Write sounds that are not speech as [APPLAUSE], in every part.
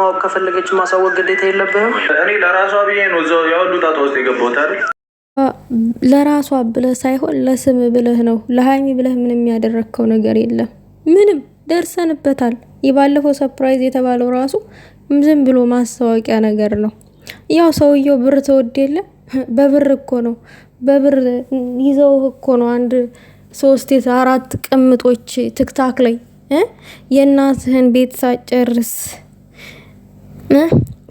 ማወቅ ከፈለገች ማሳወቅ ግዴታ የለብህም። እኔ ለራሷ ብዬ ነው እዛው የሁሉ ጣጣ ውስጥ የገባሁት ለራሷ ብለህ ሳይሆን ለስም ብለህ ነው። ለሀይሚ ብለህ ምንም ያደረግከው ነገር የለም። ምንም ደርሰንበታል። የባለፈው ሰፕራይዝ የተባለው ራሱ ዝም ብሎ ማስታወቂያ ነገር ነው። ያው ሰውየው ብር ተወድ የለ በብር እኮ ነው በብር ይዘው እኮ ነው አንድ ሶስት አራት ቅምጦች ትክታክ ላይ የእናትህን ቤት ሳጨርስ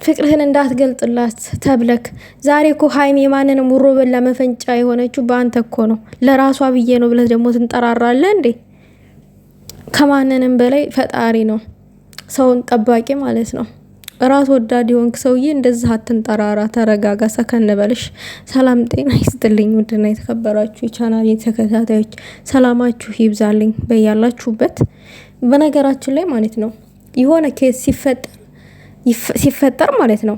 ፍቅርህን እንዳትገልጥላት ተብለክ ዛሬ እኮ ሀይሚ የማንንም ውሮ በላ መፈንጫ የሆነችው በአንተ እኮ ነው። ለራሷ ብዬ ነው ብለት ደግሞ ትንጠራራለ እንዴ? ከማንንም በላይ ፈጣሪ ነው፣ ሰውን ጠባቂ ማለት ነው። ራስ ወዳድ የሆንክ ሰውዬ እንደዚህ አትንጠራራ፣ ተረጋጋ፣ ሰከን በልሽ። ሰላም ጤና ይስጥልኝ። ውድና የተከበራችሁ የቻናል ተከታታዮች ሰላማችሁ ይብዛልኝ በያላችሁበት። በነገራችን ላይ ማለት ነው የሆነ ኬስ ሲፈጠር ሲፈጠር ማለት ነው።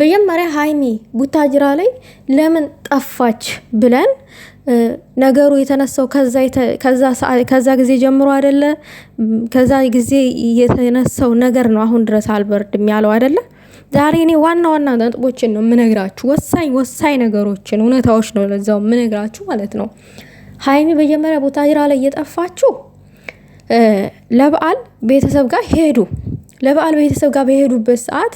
መጀመሪያ ሀይሚ ቡታጅራ ላይ ለምን ጠፋች ብለን ነገሩ የተነሳው ከዛ ጊዜ ጀምሮ አደለ? ከዛ ጊዜ የተነሳው ነገር ነው። አሁን ድረስ አልበርድም ያለው አደለ? ዛሬ እኔ ዋና ዋና ነጥቦችን ነው የምነግራችሁ፣ ወሳኝ ወሳኝ ነገሮችን እውነታዎች ነው ለዛው የምነግራችሁ ማለት ነው። ሀይሚ መጀመሪያ ቡታጅራ ላይ እየጠፋችሁ ለበዓል ቤተሰብ ጋር ሄዱ ለበዓል ቤተሰብ ጋር በሄዱበት ሰዓት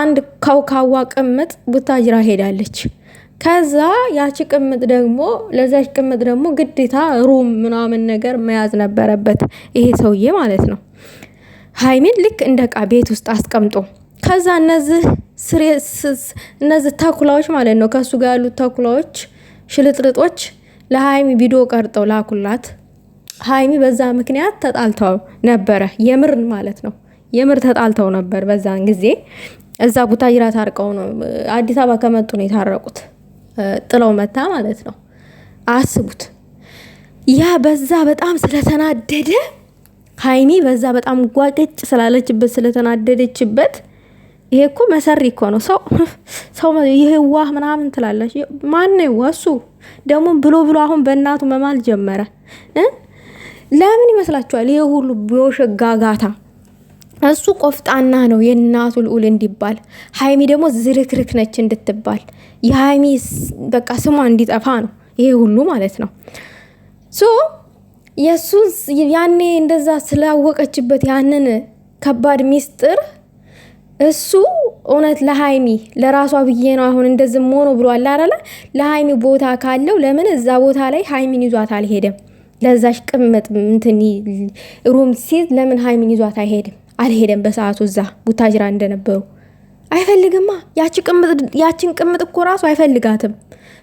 አንድ ካውካዋ ቅምጥ ቡታጅራ ሄዳለች። ከዛ ያቺ ቅምጥ ደግሞ ለዛች ቅምጥ ደግሞ ግዴታ ሩም ምናምን ነገር መያዝ ነበረበት ይሄ ሰውዬ ማለት ነው። ሀይሚን ልክ እንደ ቃ ቤት ውስጥ አስቀምጦ ከዛ እነዚህ ተኩላዎች ማለት ነው ከእሱ ጋር ያሉት ተኩላዎች ሽልጥልጦች ለሀይሚ ቪዲዮ ቀርጠው ላኩላት። ሀይሚ በዛ ምክንያት ተጣልተው ነበረ የምርን ማለት ነው። የምር ተጣልተው ነበር። በዛን ጊዜ እዛ ቡታጅራ ታርቀው ነው አዲስ አበባ ከመጡ ነው የታረቁት። ጥለው መታ ማለት ነው። አስቡት። ያ በዛ በጣም ስለተናደደ ሀይሚ በዛ በጣም ጓገጭ ስላለችበት ስለተናደደችበት ይሄ እኮ መሰሪ እኮ ነው። ሰው [LAUGHS] ሰው ይሄ ዋህ ምናምን ትላለች። ማን የዋህ? እሱ ደግሞ ብሎ ብሎ አሁን በእናቱ መማል ጀመረ። ለምን ይመስላችኋል? ይሄ ሁሉ ቢሾ ጋጋታ እሱ ቆፍጣና ነው የእናቱ ልዑል እንዲባል፣ ሀይሚ ደግሞ ዝርክርክ ነች እንድትባል፣ የሀይሚ በቃ ስሟ እንዲጠፋ ነው ይሄ ሁሉ ማለት ነው። ሶ የእሱን ያኔ እንደዛ ስላወቀችበት ያንን ከባድ ሚስጥር እሱ እውነት ለሀይሚ ለራሷ ብዬ ነው አሁን እንደዚህ ሆኖ ብሏል አላለ። ለሀይሚ ቦታ ካለው ለምን እዛ ቦታ ላይ ሀይሚን ይዟት አልሄደም? ለዛሽ ቅመጥ እንትን ሩም ሲይዝ ለምን ሀይሚን ይዟት አይሄድም? አልሄደም በሰዓቱ እዛ ቡታጅራ እንደነበሩ አይፈልግማ። ያችን ቅምጥ እኮ ራሱ አይፈልጋትም።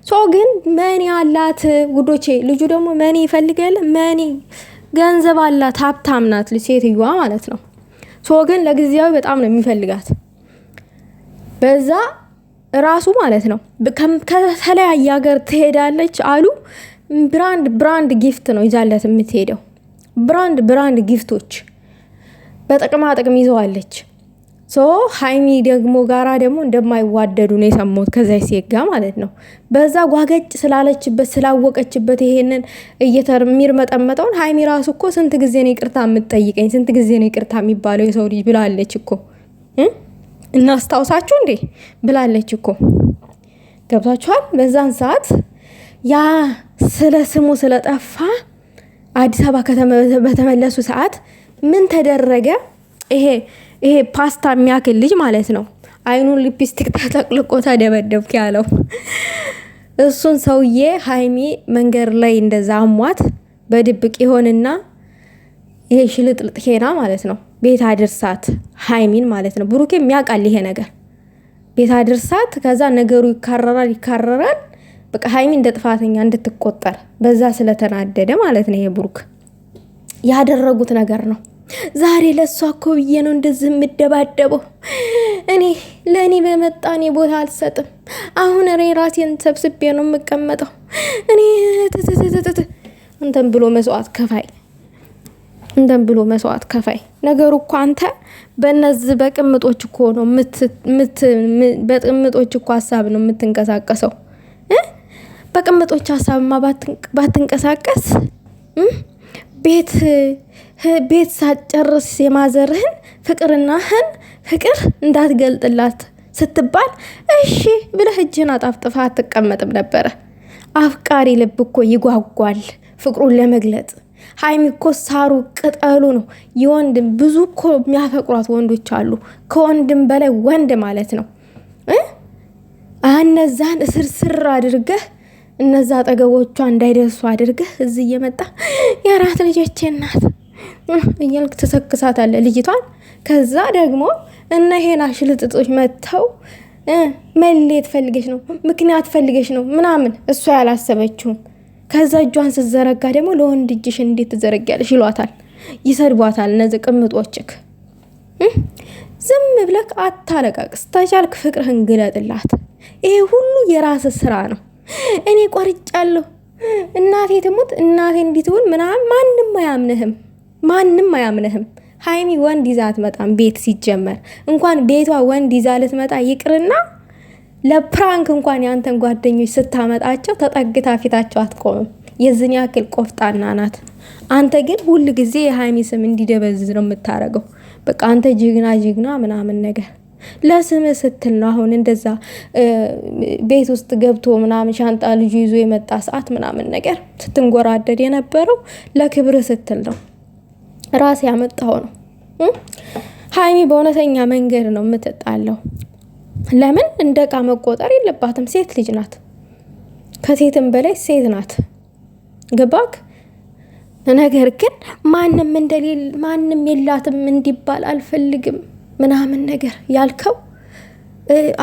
ሰው ግን መኒ አላት ውዶቼ። ልጁ ደግሞ መኒ ይፈልጋል። መኒ ገንዘብ አላት፣ ሀብታም ናት ሴትዮዋ ማለት ነው። ሰው ግን ለጊዜያዊ በጣም ነው የሚፈልጋት በዛ ራሱ ማለት ነው። ከተለያየ ሀገር ትሄዳለች አሉ። ብራንድ ብራንድ ጊፍት ነው ይዛለት የምትሄደው ብራንድ ብራንድ ጊፍቶች በጥቅማ ጥቅም ይዘዋለች። ሶ ሀይሚ ደግሞ ጋራ ደግሞ እንደማይዋደዱ ነው የሰሙት ከዚያ ሴት ጋ ማለት ነው። በዛ ጓገጭ ስላለችበት ስላወቀችበት ይሄንን እየተሚር መጠመጠውን ሀይሚ ራሱ እኮ ስንት ጊዜ ነው ይቅርታ የምትጠይቀኝ ስንት ጊዜ ነው ይቅርታ የሚባለው የሰው ልጅ ብላለች እኮ እናስታውሳችሁ እንዴ ብላለች እኮ ገብታችኋል። በዛን ሰዓት ያ ስለ ስሙ ስለጠፋ አዲስ አበባ በተመለሱ ሰዓት ምን ተደረገ? ይሄ ይሄ ፓስታ የሚያክል ልጅ ማለት ነው። አይኑን ሊፕስቲክ ተጠቅልቆ ተደበደብክ ያለው እሱን ሰውዬ ሀይሚ መንገድ ላይ እንደዛ አሟት በድብቅ ይሆንና ይሄ ሽልጥልጥ ሄና ማለት ነው ቤት አድርሳት ሀይሚን ማለት ነው። ብሩኬ የሚያውቃል ይሄ ነገር ቤት አድርሳት። ከዛ ነገሩ ይካረራል ይካረራል። በቃ ሀይሚ እንደ ጥፋተኛ እንድትቆጠር በዛ ስለተናደደ ማለት ነው። ይሄ ብሩክ ያደረጉት ነገር ነው። ዛሬ ለእሷ እኮ ብዬ ነው እንደዚህ የምደባደበው። እኔ ለእኔ በመጣ እኔ ቦታ አልሰጥም። አሁን እኔ ራሴን ሰብስቤ ነው የምቀመጠው። እኔ እንተን ብሎ መስዋዕት ከፋይ እንደም ብሎ መስዋዕት ከፋይ ነገሩ እኮ አንተ በእነዚህ በቅምጦች እኮ ነው በቅምጦች እኮ ሀሳብ ነው የምትንቀሳቀሰው። በቅምጦች ሀሳብማ ባትንቀሳቀስ ቤት ቤት ሳትጨርስ የማዘርህን ፍቅርናህን ፍቅር እንዳትገልጥላት ስትባል እሺ ብለህ እጅህን አጣፍጥፋ አትቀመጥም ነበረ። አፍቃሪ ልብ እኮ ይጓጓል ፍቅሩን ለመግለጥ። ሀይሚ እኮ ሳሩ ቅጠሉ ነው የወንድም ብዙ እኮ የሚያፈቅሯት ወንዶች አሉ። ከወንድም በላይ ወንድ ማለት ነው። እነዛን እስርስር አድርገህ እነዛ አጠገቦቿ እንዳይደርሱ አድርገህ እዚህ እየመጣ የአራት ልጆቼ እናት እያልክ ትሰክሳታለህ ልጅቷን። ከዛ ደግሞ እነ ሄና ሽልጥጦች መጥተው መሌት ፈልገሽ ነው ምክንያት ፈልገች ነው ምናምን እሷ ያላሰበችውም። ከዛ እጇን ስዘረጋ ደግሞ ለወንድ እጅሽ እንዴት ትዘረጊያለሽ ይሏታል፣ ይሰድቧታል። እነዚህ ቅምጦችክ ዝም ብለክ አታለቃቅስ። ተቻልክ ፍቅርህን ግለጥላት። ይሄ ሁሉ የራስ ስራ ነው። እኔ ቆርጫለሁ፣ እናቴ ትሙት፣ እናቴ እንዲትውን ምናምን ማንም አያምንህም። ማንም አያምንህም። ሀይሚ ወንድ ይዛ አትመጣም። ቤት ሲጀመር እንኳን ቤቷ ወንድ ይዛ ልትመጣ ይቅርና ለፕራንክ እንኳን ያንተን ጓደኞች ስታመጣቸው ተጠግታ ፊታቸው አትቆምም። የዝን ያክል ቆፍጣና ናት። አንተ ግን ሁል ጊዜ የሀይሚ ስም እንዲደበዝዝ ነው የምታረገው። በቃ አንተ ጅግና ጅግና ምናምን ነገር ለስም ስትል ነው። አሁን እንደዛ ቤት ውስጥ ገብቶ ምናምን ሻንጣ ልጁ ይዞ የመጣ ሰዓት ምናምን ነገር ስትንጎራደድ የነበረው ለክብር ስትል ነው። ራሴ ያመጣው ነው። ሀይሚ በእውነተኛ መንገድ ነው የምትጣለው። ለምን እንደ እቃ መቆጠር የለባትም። ሴት ልጅ ናት፣ ከሴትም በላይ ሴት ናት። ገባክ? ነገር ግን ማንም እንደሌል ማንም የላትም እንዲባል አልፈልግም ምናምን ነገር ያልከው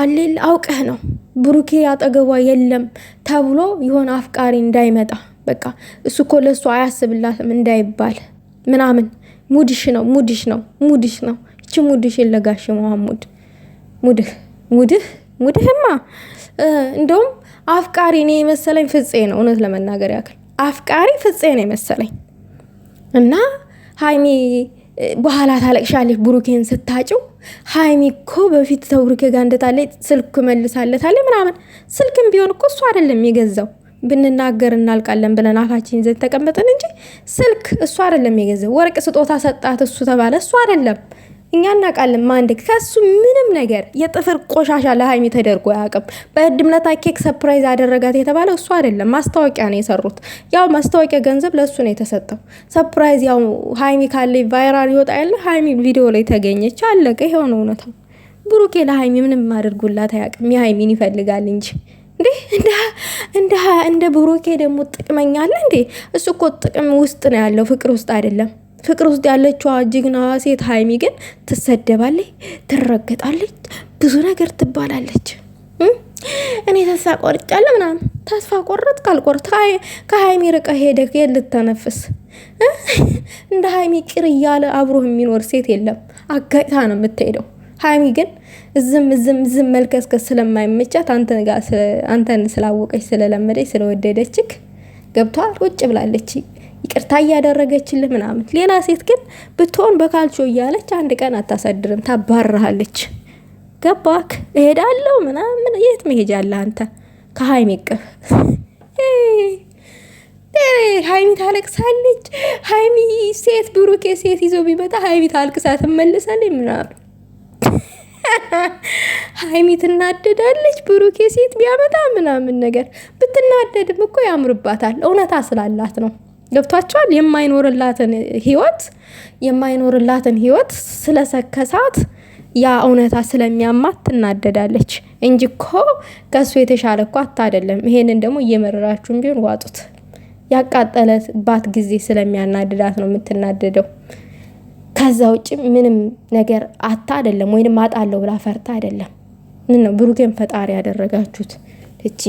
አሌል አውቀህ ነው። ብሩኬ አጠገቧ የለም ተብሎ የሆነ አፍቃሪ እንዳይመጣ በቃ እሱ እኮ ለእሱ አያስብላትም እንዳይባል ምናምን ሙድሽ ነው ሙድሽ ነው ሙድሽ ነው። እቺ ሙድሽ የለጋሽ መሐሙድ ሙድህ ሙድህ ሙድህማ እንደውም አፍቃሪ እኔ የመሰለኝ ፍፄ ነው። እውነት ለመናገር ያክል አፍቃሪ ፍፄ ነው የመሰለኝ እና ሀይሚ በኋላ ታለቅሻለች ብሩኬን ስታጭው። ሀይሚ እኮ በፊት ተብሩኬ ጋር እንደታለች ስልክ መልሳለታለች ምናምን። ስልክም ቢሆን እኮ እሱ አይደለም የገዛው ብንናገር እናልቃለን ብለን አፋችን ይዘን ተቀመጠን እንጂ ስልክ እሱ አይደለም የገዛው። ወርቅ ስጦታ ሰጣት እሱ ተባለ እሱ አይደለም። እኛ እናውቃለን። ማንድ ከሱ ምንም ነገር የጥፍር ቆሻሻ ለሀይሚ ተደርጎ አያውቅም። በድምለታ ኬክ ሰፕራይዝ አደረጋት የተባለ እሱ አይደለም፣ ማስታወቂያ ነው የሰሩት። ያው ማስታወቂያ ገንዘብ ለእሱ ነው የተሰጠው። ሰፕራይዝ ያው ሀይሚ ካለ ቫይራል ይወጣ ያለ ሀይሚ ቪዲዮ ላይ ተገኘች፣ አለቀ። ይኸው ነው እውነታው። ብሩኬ ለሀይሚ ምንም አድርጉላት አያውቅም። የሀይሚን ይፈልጋል እንጂ እንዴ እንደ እንደ ብሩኬ ደግሞ ጥቅመኛ አለ እንዴ? እሱ እኮ ጥቅም ውስጥ ነው ያለው፣ ፍቅር ውስጥ አይደለም። ፍቅር ውስጥ ያለችዋ ጀግና ሴት ሀይሚ ግን ትሰደባለች፣ ትረገጣለች፣ ብዙ ነገር ትባላለች። እኔ ተስፋ ቆርጫለሁ ምናምን ተስፋ ቆረጥ ካልቆርጥ ከሀይሚ ርቀ ሄደ ልተነፍስ እንደ ሀይሚ ቅር እያለ አብሮህ የሚኖር ሴት የለም። አጋጭታ ነው የምትሄደው። ሀይሚ ግን ዝም ዝም ዝም መልከስከስ ስለማይመቻት አንተን ስላወቀች ስለለመደች ስለወደደችክ ገብቷል ቁጭ ብላለች፣ ይቅርታ እያደረገችልህ ምናምን። ሌላ ሴት ግን ብትሆን በካልቾ እያለች አንድ ቀን አታሳድርም፣ ታባርሃለች። ገባክ? እሄዳለሁ ምናምን። የት መሄጃ አንተ ከሀይሚ ቅፍ ሀይሚ ታለቅሳለች። ሀይሚ ሴት ብሩኬ ሴት ይዞ ቢመጣ ሀይሚ ታልቅሳ ትመልሳለች ምናምን ሀይሚ ትናደዳለች። ብሩኬ ሴት ቢያመጣ ምናምን ነገር ብትናደድም እኮ ያምርባታል። እውነታ ስላላት ነው። ገብቷቸዋል። የማይኖርላትን ህይወት የማይኖርላትን ህይወት ስለሰከሳት ያ እውነታ ስለሚያማት ትናደዳለች እንጂ እኮ ከእሱ የተሻለ እኮ አታደለም። ይሄንን ደግሞ እየመረራችሁን ቢሆን ዋጡት። ያቃጠለባት ጊዜ ስለሚያናድዳት ነው የምትናደደው። ከዛ ውጭ ምንም ነገር አታ አይደለም ወይንም አጣለው ብላ ፈርታ አይደለም። ምን ነው ብሩኬን ፈጣሪ ያደረጋችሁት እጅ